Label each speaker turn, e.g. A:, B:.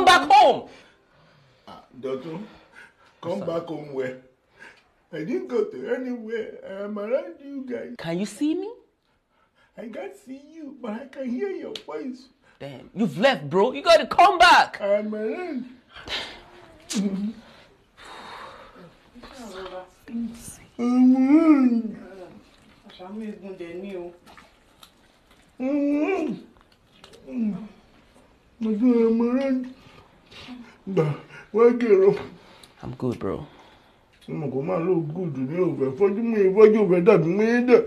A: Come back home. Ah, come back home where? I didn't go to anywhere. I am around you guys. Can you see me? I can't see you, but I can hear your voice.
B: Damn, you've left, bro. You gotta come back.
C: I'm around. I'm around. I'm around.
D: Nah, I'm
E: good, bro. Mo kò
D: máa lo good ní òfẹ́ fọ́jú ìfọ́jú òfẹ́ dàbí mi dẹ̀.